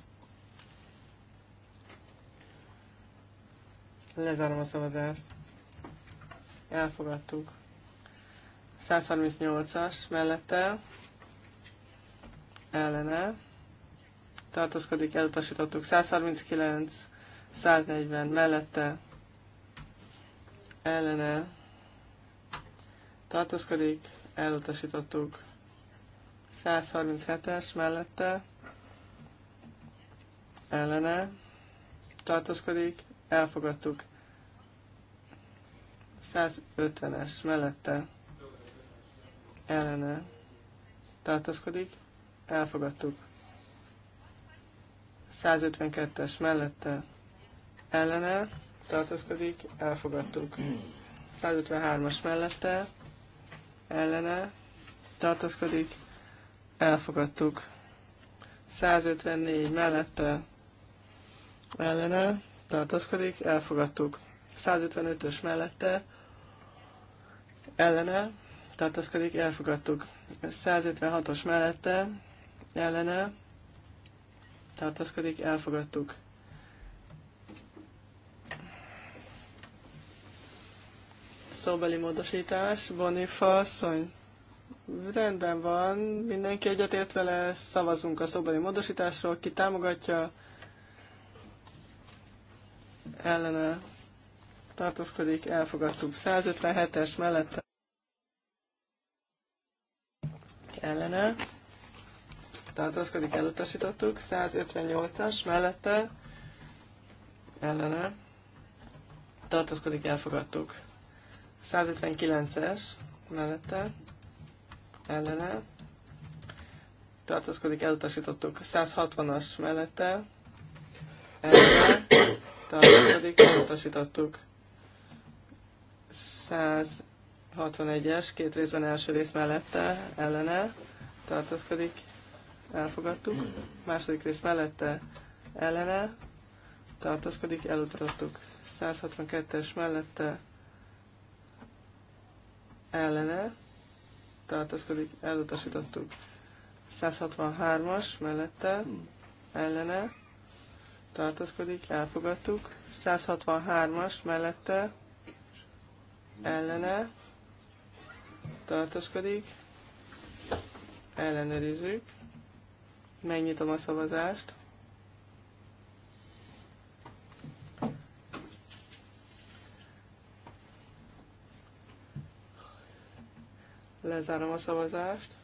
Speaker 2: Lezárom a szavazást elfogadtuk. 138-as mellette ellene tartózkodik, elutasítottuk. 139, 140 mellette ellene tartózkodik, elutasítottuk. 137-es mellette ellene tartózkodik, elfogadtuk. 150-es mellette ellene tartozkodik, elfogadtuk. 152-es mellette ellene tartozkodik, elfogadtuk. 153-as mellette ellene tartozkodik, elfogadtuk. 154 mellette ellene tartozkodik, elfogadtuk. 155-ös mellette ellene pedig elfogadtuk. 156-os mellette ellene pedig elfogadtuk. Szóbeli módosítás, Bonifa, asszony. Rendben van, mindenki egyetért vele, szavazunk a szóbeli módosításról, ki támogatja, ellene tartózkodik, elfogadtuk. 157-es mellette ellene tartózkodik, elutasítottuk. 158-as mellette ellene tartózkodik, elfogadtuk. 159-es mellette ellene tartózkodik, elutasítottuk. 160-as mellette ellene tartózkodik, elutasítottuk. 161-es, két részben első rész mellette, ellene tartózkodik, elfogadtuk. Második rész mellette, ellene tartózkodik, elutasítottuk. 162-es mellette, ellene tartózkodik, elutasítottuk. 163-as mellette, ellene tartózkodik, elfogadtuk. 163-as mellette,
Speaker 3: ellene
Speaker 2: tartózkodik, ellenőrizzük, megnyitom a szavazást, lezárom a szavazást,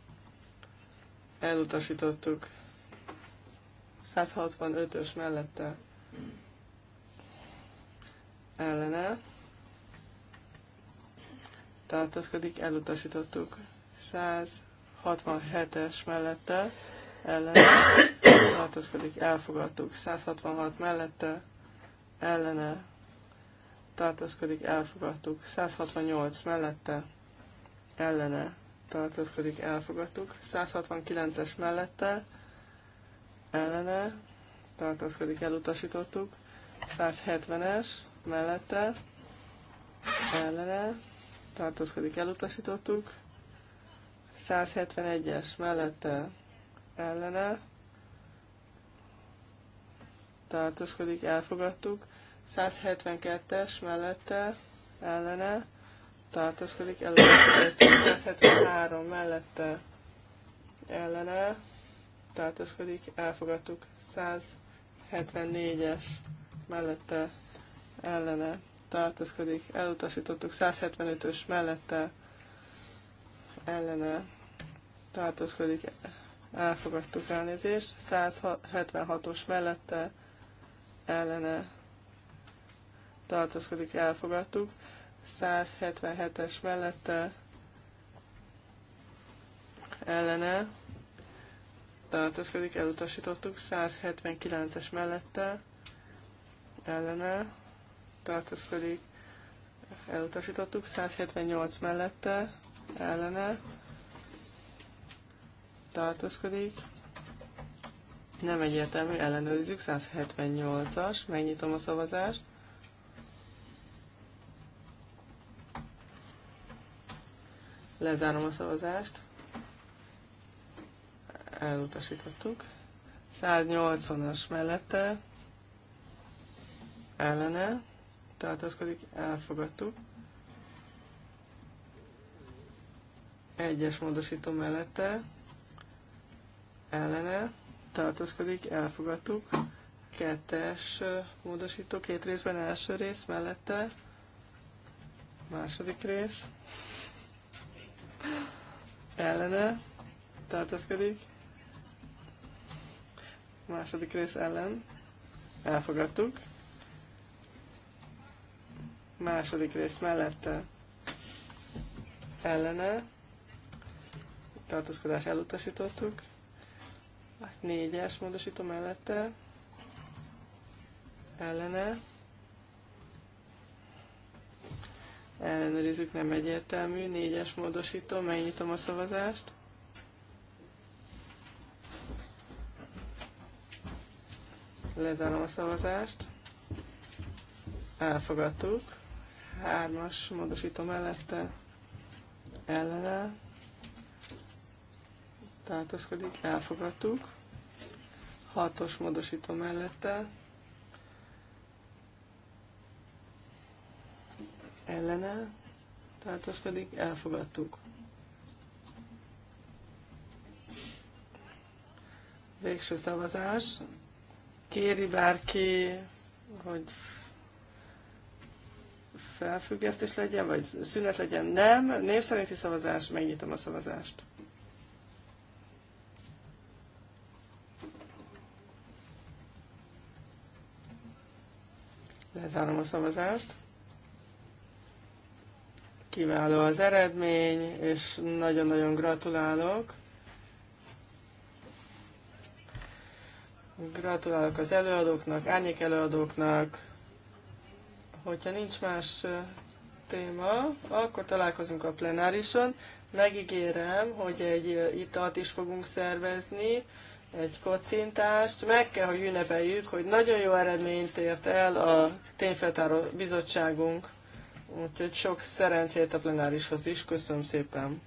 Speaker 2: elutasítottuk 165-ös mellette ellene, tartózkodik, elutasítottuk. 167-es mellette ellene tartózkodik, elfogadtuk. 166 mellette ellene tartózkodik, elfogadtuk. 168 mellette ellene tartózkodik, elfogadtuk. 169-es mellette ellene tartózkodik, elutasítottuk. 170-es mellette ellene tartózkodik, elutasítottuk. 171-es mellette ellene tartózkodik, elfogadtuk. 172-es mellette ellene tartózkodik, elutasítottuk. 173 mellette ellene tartózkodik, elfogadtuk. 174-es mellette ellene tartózkodik, elutasítottuk 175-ös mellette ellene tartózkodik, elfogadtuk elnézést, 176-os mellette ellene tartózkodik, elfogadtuk, 177-es mellette ellene tartózkodik, elutasítottuk, 179-es mellette ellene tartózkodik, elutasítottuk, 178 mellette, ellene, tartózkodik, nem egyértelmű, ellenőrizzük, 178-as, megnyitom a szavazást, lezárom a szavazást, elutasítottuk, 180-as mellette, ellene, tartózkodik, elfogadtuk. Egyes módosító mellette, ellene, tartózkodik, elfogadtuk. Kettes módosító két részben, első rész mellette, második rész, ellene, tartózkodik, második rész ellen, elfogadtuk. Második rész mellette ellene tartózkodás elutasítottuk. Négyes módosító mellette ellene ellenőrizzük, nem egyértelmű, négyes módosító, megnyitom a szavazást. Lezárom a szavazást. Elfogadtuk hármas módosító mellette ellene tartózkodik, elfogadtuk. Hatos módosító mellette ellene tartózkodik, elfogadtuk. Végső szavazás. Kéri bárki, hogy felfüggesztés legyen, vagy szünet legyen, nem. Név szerinti szavazás, megnyitom a szavazást. Lezárom a szavazást. Kiváló az eredmény, és nagyon-nagyon gratulálok. Gratulálok az előadóknak, árnyék előadóknak, Hogyha nincs más téma, akkor találkozunk a plenárison. Megígérem, hogy egy italt is fogunk szervezni, egy kocintást. Meg kell, hogy ünnepeljük, hogy nagyon jó eredményt ért el a tényfeltáró bizottságunk. Úgyhogy sok szerencsét a plenárishoz is. Köszönöm szépen!